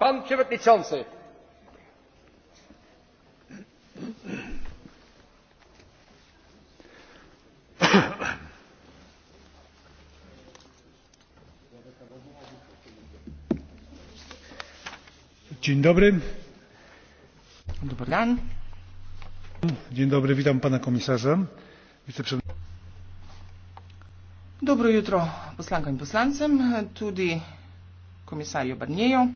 pan przewodniczący Dzień dobry. Dobry dan. Dzień dobry, witam pana komisarza. Dobro jutro poslankam in poslancem, tudi komisarju Barnieju.